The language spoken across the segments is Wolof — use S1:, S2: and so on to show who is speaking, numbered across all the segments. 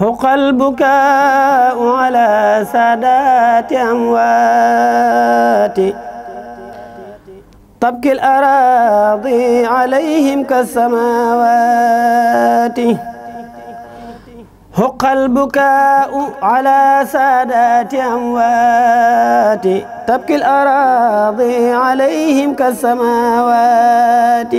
S1: هق البكاء على سادات أمواتي تبكي الأراضي عليهم كالسماوات هق البكاء على سادات أموات تبكي الأراضي عليهم كالسماوات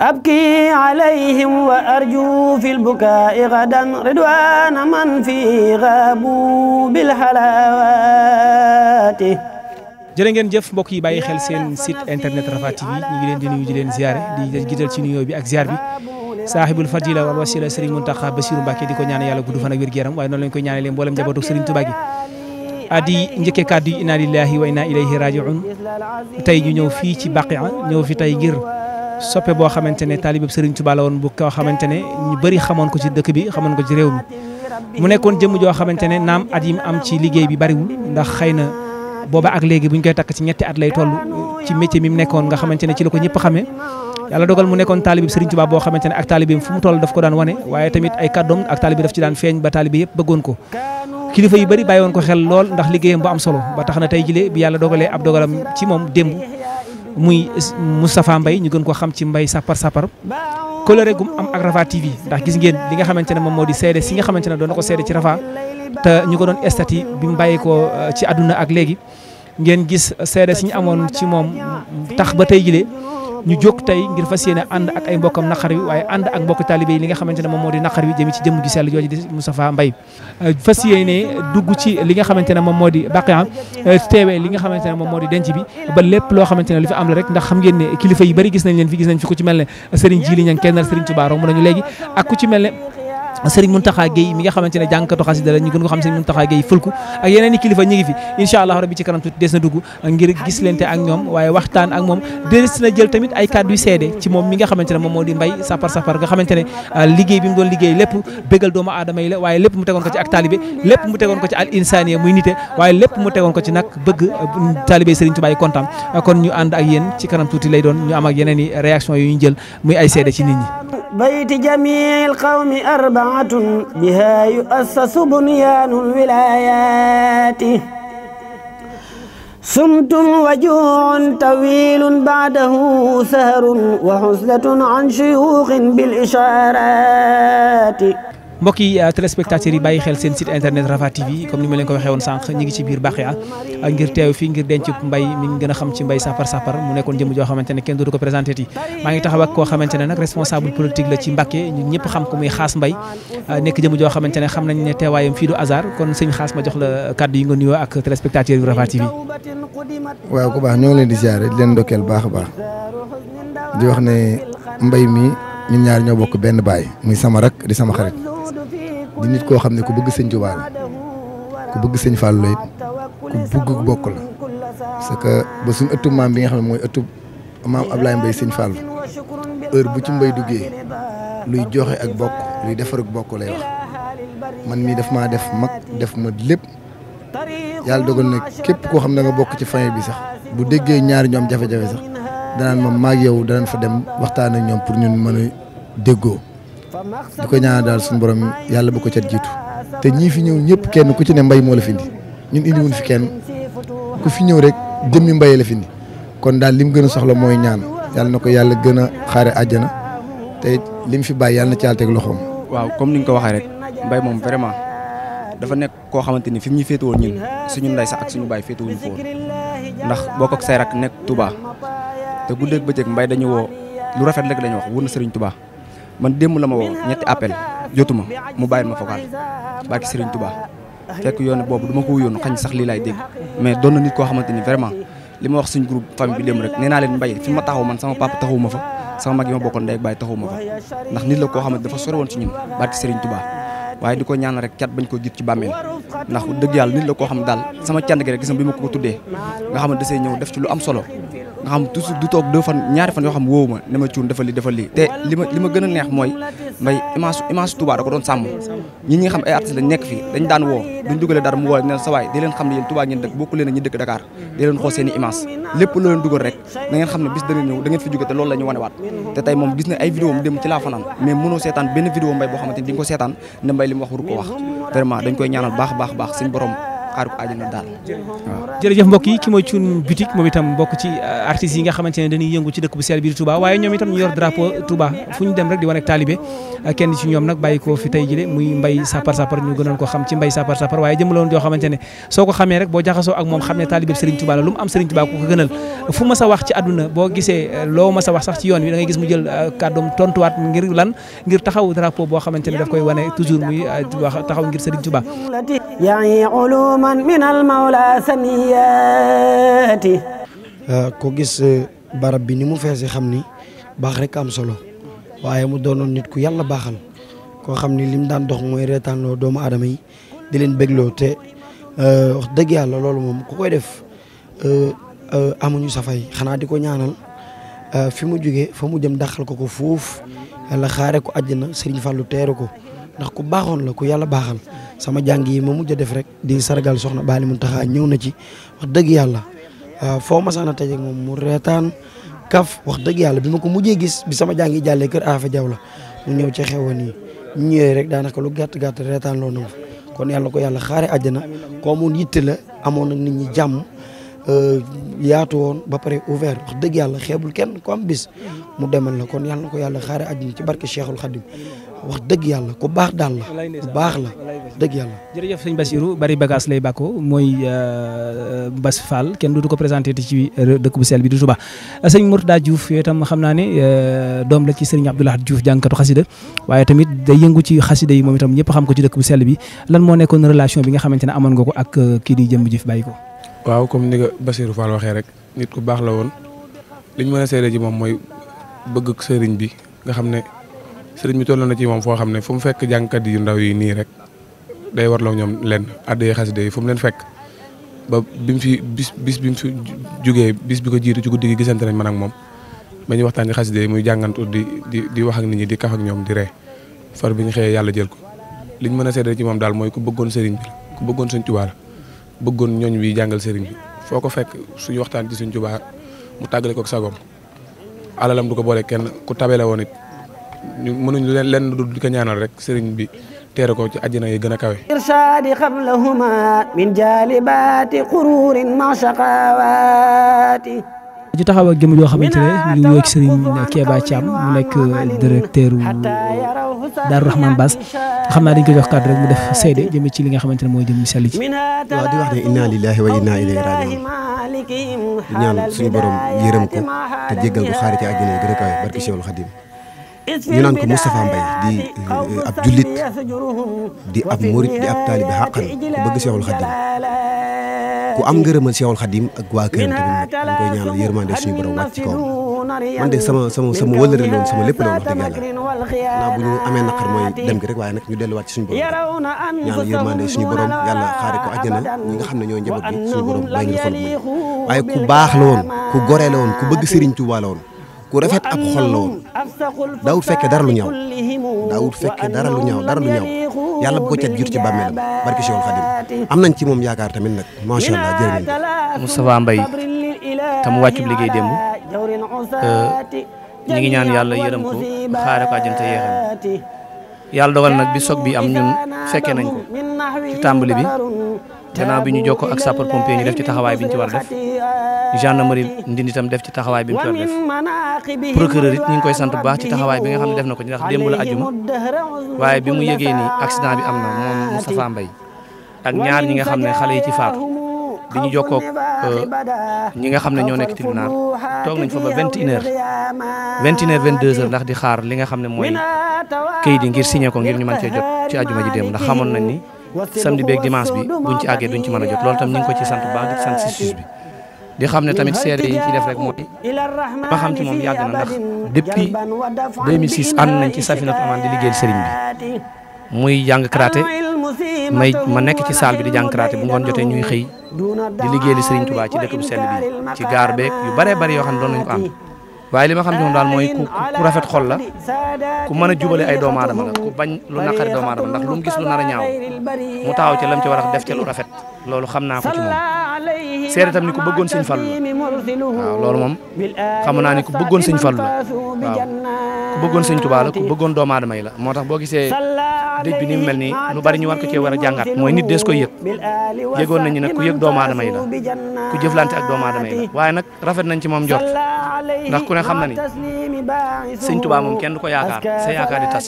S1: أبكي عليهم وأرجو في البكاء غدا ردوان من في غابوا بالحلاوات
S2: jërë ngeen jëf mbokk yi bàyyi xel seen site internet Rafa TV ñu ngi leen di nuyu di leen ziare di jiital ci nuyoo bi ak ziar bi saaxibul fadila wal wasila Serigne Mountakha basirou Mbacké di ko ñaanal yàlla gudd fan ak wér gu yaram waaye noonu lañ koy ñaanalee mboolem njabootu Serigne Touba gi adi njëkkee kàddu inna lillahi wa inna ilayhi raji'un tey ñu ñëw fii ci baqia ñëw fi tey ngir soppe boo xamante ne taalib Serigne Touba la woon bu koo xamante ne bëri xamoon ko ci dëkk bi xamoon ko ci réew mu nekkoon jëmm joo xamante ne naam at am ci liggéey bi bariwul ndax xëy na booba ak léegi bu ñu koy takk ci ñetti at lay toll ci métier mi mu nekkoon nga xamante ne ci la ko ñëpp xamee yàlla dogal mu nekkoon taalib Serigne Touba boo xamante ne ak taalibim fu mu toll daf ko daan wane waaye tamit ay kàddoom ak taalib daf ci daan feeñ ba yëpp bëggoon ko kilifa yu bëri bàyyi woon ko lool ndax liggéeyam am solo ba na tey jile bi yàlla dogalee ab dogalam moom démb muy Moustapha Mbaye ñu gën ko xam ci Mbaye Sapar Sapar coloré gum am ak Rafa TV ndax gis ngeen li nga xamante ne moom moo di seede si nga xamante ne doon na ko seede ci Rafa te ñu ko doon estati bi mu bàyyi ko euh, ci àdduna ak léegi ngeen gis seede si ñu amoon ci moom tax ba tey jile ñu jóg tey ngir fas yéene ànd ak ay mbokkam naqar wi waaye ànd ak mbokk taalibé li nga xamante ne moom moo di naqar li nga xamante ne moom moo di Baqiya teewee li nga xamante ne moom moo di denc bi ba lépp loo xamante ne lu fi am la rek ndax xam ngeen ne kilifa yi bari gis nañ leen fi gis nañ fi ku ci mel ne Serigne Djili Niang kenn Serigne Touba romb nañu léegi ak ku ci mel ne Serigne Mountakha Gueye mi nga xamante ne jàngkatu xasida la ñu gën ko xam Serigne Mountakha Gueye ak yeneen i kilifa ñu ngi fi incha allah waxtaan ak moom des jël tamit ay kàddu yu seede moom mi nga xamante ne moom moo di mbay sapar sapar nga xamante ne ah, liggéey bi mu doon lépp bégal doomu aadama yi la waaye lépp mu mu tegoon ko ci al insaniya muy nite waaye lépp mu tegoon ko ci nag bëgg ah, taalibé Serigne Touba yi kon ñu ànd ak yéen ci kanam tuuti lay doon ñu am ak yeneen i réaction yu ñu jël muy ay seede ci nit ñi
S1: بيت جميع القوم أربعة بها يؤسس بنيان الولايات سمت وجوع طويل بعده سهر وحزلة عن شيوخ بالإشارات
S2: mbokk yi euh, téléspectateurs yi bàyyi xel seen site internet Rafa TV comme ni ma leen ko waxee woon sànq ñi ngi ci biir Bakhia euh, ngir teew fii ngir denc mbay mi ngi a xam ci mbay sapar sapar mu nekkoon jëm joo xamante ne kenn dootu ko présenté ti maa ngi taxaw ak koo xamante ne nag responsable politique la euh, nekk jëm joo xamante ne xam nañ ne teewaayam fii du hasard kon sëñ xaas ma jox la kàddu yi nga nuyoo ak téléspectateurs yu Rafa TV
S3: waaw ku baax ñoo ngi leen di ziare di leen ndokkeel baax a baax di wax ne mbay mi ñu ñaar ñoo bokk benn baay muy sama rak di sama xarit di nit koo xam ne ku bëgg sëñ Tuubaa la ku bëgg sëñ Fàllu la it bokk la parce que ba suñu ëttu maam bi nga xam ne mooy ëttu maam Ablaye Mbaye sëñ Fàllu heure bu ci mbay duggee luy joxe ak bokk luy defar ak bokk lay wax man mii daf maa def mag def ma lépp yàlla dogal na képp koo xam ne nga bokk ci famille bi sax bu déggee ñaari ñoom jafe-jafe sax danaan ma maag yow danañ fa dem waxtaan ak ñoom pour ñun mën a déggoo di ko ñaanal daal suñu borom yàlla bu ko cat jiitu te ñii fi ñëw ñëpp kenn ku ci ne mbay moo la fi indi ñun indi wuñ fi kenn ku fi ñëw rek jëmmi mbay la fi indi kon daal lim gën a soxla mooy ñaan yàlla na ko yàlla gën a xaare àjjana te lim fi bàyyi yàlla na caal teg loxoom.
S4: waaw comme ni nga ko waxee rek mbay moom vraiment dafa nekk koo xamante ni fi mu ñu féetewoon ñun suñu nday sax ak suñu baay féetewuñu fa ndax bokk ak say rak nekk Touba te guddeeg bëccëg mbay dañu woo lu rafet rek lañu wax wër na Serigne Touba man démb la ma woo ñetti appel jotuma mu bàyyi ma focal barki Serigne Touba fekk yoon boobu du ma ko wuyoon xañ sax lii laay dégg mais doon na nit koo xamante ni vraiment li ma wax suñ groupe famille bi rek nee naa leen mbay fi ma taxaw man sama papa taxawu fa sama mag yi ma bokkoon baay taxawu ma ndax nit la koo xamante dafa sore woon ci ñun barki Serigne Touba waaye di ko ñaan rek cat bañ ko jiit ci bàmmeel ndax dëgg yàlla nit la koo xam daal sama cant gi rek gis bi ma ko tuddee nga xamante dasee ñëw def ci lu am solo nga xam du toog deux fan ñaari fan yoo xam woowu ma ne ma cuun defal li defal lii te li ma gën a neex mooy mbay image image Touba da doon sàmm ñi ñi xam ay artistes lañ nekk fii dañ daan woo duñ dugalee dara mu woo ne sa waay di leen xam ne yéen Touba ngeen dëkk bokku leen a ñi dëkk Dakar di leen xool seen i image lépp loo leen dugal rek da ngeen xam ne bis dana ñëw da ngeen te loolu la ñu wanewaat te tey moom gis na ay vidéo mu dem ci laa fanaan mais koy ñaanal baax baax baax suñ borom aar ko aajanno daal
S2: jërëjëf mbokk yi ki mooy cuun boutique moom itam mbokk ci ah, artistes yi nga xamante ne dañuy yëngu ci dëkk bu sell bi di Touba waaye ñoom itam ñu yor drapeau Touba fu dem rek di wane ak ah, kenn ci ñoom nag ko fi tey jile muy mbay sapar sapar ñu gënoon ko xam ci mbay sapar sapar waaye jëmaloon kaman xamante ne soo ko xamee rek boo jaxasoo ak mom xam ne taalibe Serigne Touba la lu am Serigne Touba ko gënal fu ma sa wax ci àdduna boo gisee eh, loo ma sa wax sax ci yoon wi da ngay gis mu jël ah, kàddoom tontuwaat ngir lan ngir taxaw drapeau boo xamante ne daf koy wane toujours muy wax taxaw ngir Serigne Touba
S1: yawman min al mawla saniyati ah, ko gis eh, barab bi ni mu feese
S5: xam ni baax rek am solo waaye mu doonoon nit ku yàlla baaxal koo xam ni lim daan dox mooy reetaanloo doomu aadama yi di leen bégloo te eh, wax dëgg yàlla loolu moom ku koy def eh, amuñu safay xanaa di ko ñaanal fi mu jógee fa mu jëm daxal ko ko fuuf yàlla xaare ko àjjana Serigne fallu teeru ko ndax ku baaxoon la ku yàlla baaxal sama jàng yi ma mujj a def rek di sargal soxna tax a ñëw na ci wax dëgg yàlla foo ma saana tëjee ak moom mu reetaan kaf wax dëgg yàlla bi ma ko mujjee gis bi sama jàng yi jàllee kër Afa Jaw la mu ñëw ci xewoon yi ñu ñëwee rek daanaka lu gàtt gàtt reetaan loo na kon yàlla ko yàlla xaare àjjana koo moon yitte la amoon nag nit ñi Euh, yaatu woon ba pare ouvert wax dëgg yàlla xeebul kenn ku am bis mu demal la kon yàlla na ko yàlla xaare àjjana ci barke Cheikhul Khadim wax dëgg yàlla ku baax daal la ku baax la dëgg yàlla. jërëjëf sëñ Bassirou bari bagage lay bàkkoo mooy
S2: euh, Bass Fall kenn du ko présenté ci euh, dëkk bu sel bi du Touba sëñ Mourtada Diouf yooyu tam xam naa ne doom la ci sëriñ Abdou Lahad Diouf jànkatu xasida waaye tamit day yëngu ci xasida yi moom itam ñëpp xam ko ci dëkk bu sel bi lan moo nekkoon relation bi nga xamante ne amoon nga ko ak kii di jëmb jëf bàyyi
S6: ko. waaw comme ni nga Bassirou Fall waxee rek nit ku baax la woon li ñu mën a seede ci moom mooy bëgg sëriñ bi nga xam ne sëriñ bi toll na ci moom foo xam ne fu mu fekk jàngkat yu ndaw yi nii rek day warloo ñoom lenn àddee xasida yi fu leen fekk ba bi mu fi bis bis bi mu fi jugee bis bi ko jiir ci guddi gi gisante nañ man ak moom ba ñu waxtaan ci xasida yi muy jàngantu di di di wax ak nit ñi di kaf ñoom di ree far bi ñu xëyee yàlla jël ko liñ mën a seede ci moom daal mooy ku bëggoon sëriñ bi bëggoon sëriñ Tuubaa la bëggoon ñooñ bi jàngal sëriñ bi foo ko fekk suñu waxtaan ci suñ Tuubaa mu tàggale ko ak sagoom alalam du ko boole kenn ku tabele woon it ñu mënuñ leen lenn du di ko ñaanal rek sëriñ bi teere ko ci àjjana yi gën a kawe
S1: irsaadi qablahuma min jalibati qururin ma shaqawaati
S6: ci taxaw ak gëm joo xamante ne ñu ngi wéy
S2: ak sëriñ Keba Thiam mu nekk directeur Daaru Rahman Bass xam naa dañ ko jox kàddu rek mu def seede jëme ci li nga xamante ne mooy jëm sell ci
S3: waaw di wax ne inna lillahi wa inna ilayhi rajiun di suñu borom yërëm ko te jéggal ko xaari ci a kawe barki Cheikhul Khadim ñu naan ko Moustapha Mbaye di eh, ab jullit di ab murit di ab taalibe xàqan ku bëgg Cheikhul Khadim ku am ngërëmal Cheikhul Khadim ak waa këram tamit nag dañ koy ñaanal yërmande suñu borom wàcc ci kawam man de sama sama sama wëllëre loon sama lépp la wax dëgg yàlla naa bu amee naqar mooy dem gi rek waaye nag ñu delluwaat ci suñu borom ñaan yërmande suñu borom yàlla xaari ko àjjana ñi nga xam ne ñooy njaboot bi suñu borom bàyyi ñu xol mooy waaye ku baax la woon ku goree woon ku bëgg Serigne Touba la woon ku rafet ab xol la woon daawul fekkee dara lu ñaaw daawul fekkee dara lu ñaaw dara lu ñaaw yàlla bu ko cat jur ci bàmmeelam barke Cheikh Khadim am nañ ci moom yaakaar tamit nag macha allah jërëjëf Moustapha Mbaye tam wàccu liggéey démb Euh,
S7: ñu ngi ñaan yàlla yërëm ko xaare ko àjjante yeexam yàlla dogal nag bi soog bi am ñun fekkee nañ ko ci tàmbali bi gannaaw bi ñu jokkoo ak sapeur pompier ñu def ci taxawaay bi ñu ci war a def gendarmerie ndindi tam def ci taxawaay bi mu ci war def
S1: procureur it ñu ngi
S7: koy sant bu baax ci taxawaay bi nga xam ne def na ko ndax démb la ajuma waaye bi mu yëgee nii accident bi am na moom Moustapha Mbaye ak ñaar ñi nga xam ne xale yi ci faatu bi ñu jokkoog euh, ñi nga xam ne ñoo nekk tribunal toog nañ fa ba vingt une heure vingt une heure vingt deux ndax di xaar li nga xam ne mooy kayit yi ngir signé ko ngir ñu mën cee jot ci ajuma ji dem ndax xamoon nañ ni samedi beeg dimanche bi buñ ci àggee duñ ci mën a jot loolu tam ñu ngi ko ci sant bu baax di sant justice bi. di xam ne tamit seede yi ñu ciy def rek mooy ma xam ci moom yàgg na ndax depuis 2006 ànd nañ ci Safinatou Amaan di liggéey sëriñ bi. muy jàng karaté may ma nekk ci saal bi di jàng karaté bu ngoon jotee ñuy xëy di liggéeyal Serigne Touba ci dëkk bu sell bi ci gaar beeg yu bare bari yoo xam ne doon nañu ko am waaye li ma xam ci moom daal mooy ku rafet xol la ku mën a jubale ay doomu aadama la ku bañ lu naqari doomu aadama ndax lu mu gis lu nar a ñaaw mu taaw ci lam ci war a def ci lu rafet. loolu xam naa ko ci moom seer itam ni ku bëggoon sëñ Fallu la waaw loolu moom xam naa ni ku bëggoon sëñ Fallu la ku bëggoon sëñ Tuubaa bëggoon doomu aadama yi la moo tax boo gisee dëj bi ni mel ni lu bari ñu war ko cee war a jàngat mooy nit dee dees ko yëg yëgoon nañu nag ku yëg doomu aadama yi la ku jëflante ak doomu aadama yi la waaye nag rafet nañ ci moom jot ndax ku ne xam na ni sëñ Tuubaa moom kenn du ko yaakaar sa yaakaar di tas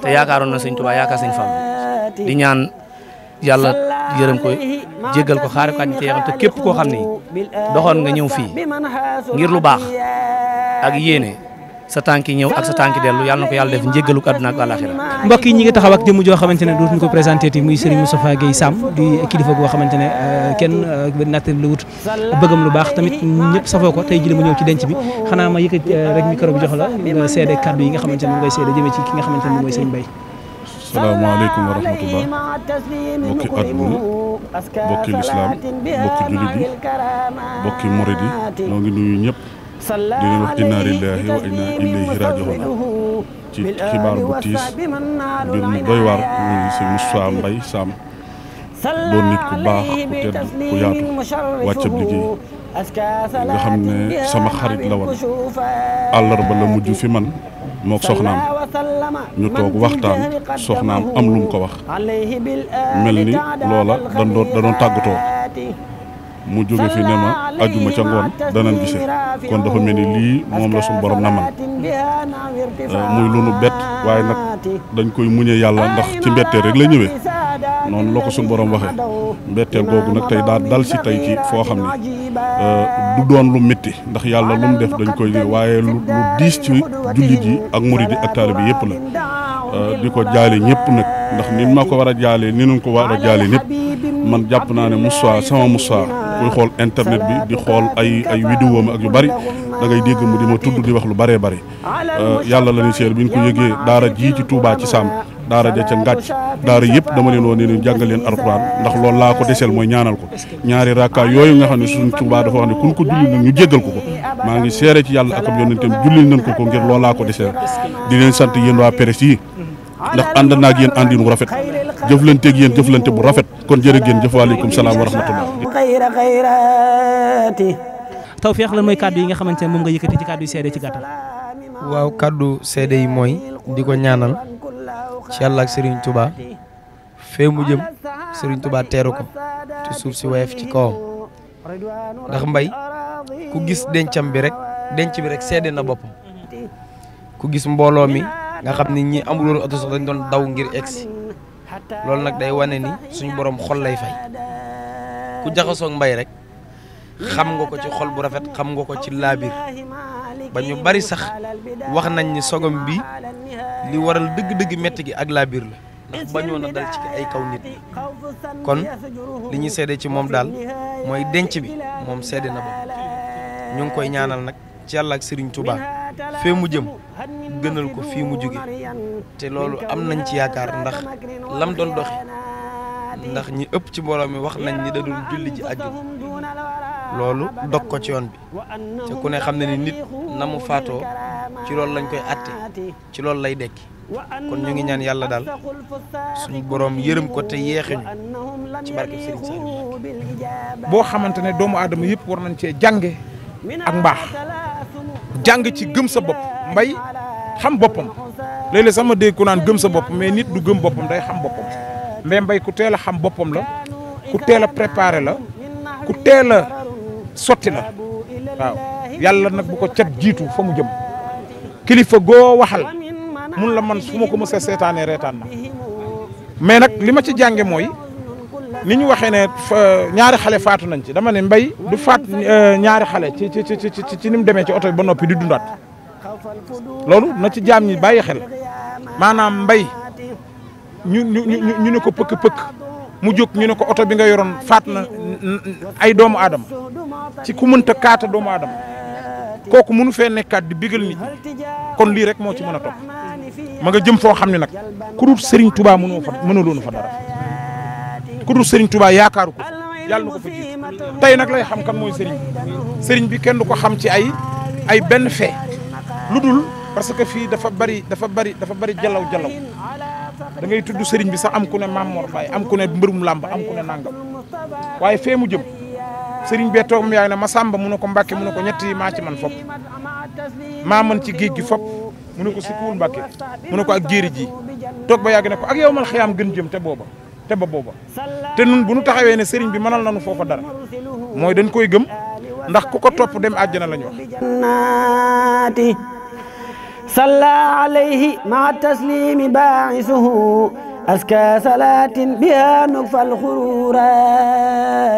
S7: te yaakaaroon na sëñ Tuubaa yaakaar sëñ Fallu yàlla yërëm ko jéggal ko xaar ko àññi te te képp koo xam ni doxoon nga ñëw fii ngir lu baax ak yéene sa tànki ñëw ak sa tànki dellu yàlla na ko yàlla def njéggalu ko àdduna ak àllaaxira mbokk yi ñi ngi
S2: taxaw ak joo xamante ne dootuñu ko présenté ti kilifa goo xamante ne euh, kenn euh, natt la wut bëggam lu baax tamit ñëpp safoo ko tey jii mu ñëw ci denc bi xanaa ma yëkkat euh, rek micro bi jox la nga seede kàddu yi nga xamante ne moom ngay seede jëmee ci ki nga xamante ne mooy Serigne Mbaye
S8: asalaamaaleykum wa rahmatullah mbokki adduna mbokki jullit yi mbokki murid yi noo ngi nuyu ñëpp di leen wax inna lillahi wa ci xibaar bu tiis mbir mu doy waar muy si Moussa Mbaye Sam doon nit ku baax ku tedd ku yaatu wàccab liggéey nga xam ne sama xarit la woon àllarba la mujj fi man mook soxnaam ñu toog waxtaan soxnaam am lu mu ko wax mel ni loola dañ doon da doon tàggatoo mu jóge fi ne ma ajuma ca ngoon danañ gise kon dafa mel ni lii moom la suñu borom na man eh, muy lu nu bett waaye nag dañ koy muñe yàlla ndax ci mbettee rek la ñëwee noonu la ko suñu borom waxee mbetteel googu nag tey daal dal si tey ci foo xam ne euh, du doon lu métti ndax yàlla lu mu def dañ koy waaye lu lu diis ci jullit yi ak murid yi ak taalibe bi yëpp la euh, di ko jaale ñëpp nag ndax ni ma ko war a jaale ni ñu ko war a jaale ñëpp man jàpp naa ne Moussa sama Moussa kuy xool internet bi di xool ay ay vidéo ak yu bari da ngay dégg mu di ma tudd di wax lu bëree bëri euh, yàlla la ñuy seer bi ñu ko yëgee daara ji ci tuubaa ci Sam daara ja ca ngàcc daara yëpp dama leen woon ne leen jàngal leen alxuraan ndax loolu laa ko deseel mooy ñaanal ko ñaari rakka yooyu nga xam ne suñ Tuubaa dafa wax ne kun ko julli ñu jéggal ko ko maa ngi seere ci yàlla ak ab yonentam jullil nañ ko ko ngir loolu laa ko deseel di leen sant yéen waa presse yi ndax ànd naa ak yéen àndin wu rafet ak yéen jëflante bu rafet kon jërë ngeen jëf waaleykum salaam wa rahmatullah
S2: fiix lan mooy kàddu yi nga xamante ne moom nga yëkkati ci kàddu yi seede ci gàttal.
S5: waaw kàddu seede yi mooy di ko ñaanal ci yalla ak Serigne Touba fee mu jëm Serigne Touba téru ko ci suuf si wayef ci ko ndax mbay ku gis dencham bi rek denc bi rek sédé na bopam ku gis mbolo mi nga xamni ñi amul won auto sax dañ doon daw ngir ex lool nak day wané ni suñu borom xol lay fay ku ak mbay rek xam nga ko ci xol bu rafet xam nga ko ci labir bañu bari sax wax nañ ni sogom bi li waral dëgg-dëgg metti gi ak laa biir la ndax bañoon na dal ci ay kaw nit kon li ñuy seede ci moom daal mooy denc bi moom sedd na ba ñu ngi koy ñaanal nag ci yàlla ak Serigne Touba fee mu jëm gënal ko fii mu jóge te loolu am nañ ci yaakaar ndax lam doon doxi ndax ñi ëpp ci mbooloo mi wax nañ ni da julli ji aju loolu dog ko ci yoon bi te ku ne xam ne ni nit na mu faatoo ci loolu lañ koy atte ci loolu lay dekki kon ñu ngi ñaan yàlla daal
S6: suñu borom yërëm ko te yeexuñu ci barke Serigne Saliou boo xamante ne doomu aadama yëpp war nañ cee jànge ak mbaax jàng ci gëm sa bopp mbay xam boppam léeg-léeg sama dégg ku naan gëm sa bopp mais nit du gëm boppam day xam boppam mais mbay ku teel a xam boppam la ku teel a préparé la ku teel sotti la waaw yàlla nag bu ko cat jiitu fa mu jëm kilifa goo waxal mun la man fu ma ko mës a seetaanee reetaan na mais nag li ma ci jànge mooy ni ñu waxee ne ñaari xale faatu nañ ci dama ne mbay du faat euh, ñaari xale ci ci ni mu demee ci oto bi ba noppi di dundaat loolu na ci jaam ñi bàyyi xel maanaam mbay ñu ñu ñu ne ko pëkk pëkk mu jóg ñu ne ko oto bi nga yoroon faat na ay doomu aadama ci ku mënta kaata doomu aadama kooku mënu fee nekkaat di bigal nit kon lii rek moo ci mën a topp ma nga jëm foo xam ne nag ku dul Serigne Touba mënoo fa mënaloonu fa dara ku dul Serigne Touba yaakaaru ko yàlla na ko fa jiitu tey nag lay xam kan mooy Serigne sëriñ bi kenn du ko xam ci ay ay benn fee lu dul parce que fii dafa bari dafa bari dafa bari jalaw jalaw dangay tudd sëriñ bi sax am ku ne Mamor Faye am ku ne mbërum làmb am ku ne nangam waaye fee mu jëm. sëriñ bee toog mu yaag ma sàmba mu ne ko mbàkke mu a ko ñett yi maa ci man fop maa mën ci géej gi fop mu ne ko sikkuwul mbàkke mu ne ko ak jéeri ji toog ba yàgg ne ko ak yow mal xiyaam gën jëm te booba te ba booba te nun bu nu taxawee ne sëriñ bi mënal nañu foofa dara mooy dañ koy gëm ndax ku ko topp dem àjjana la ñu
S1: wax salla alayhi ma taslimi baisuhu aska salatin biha nukfal xururat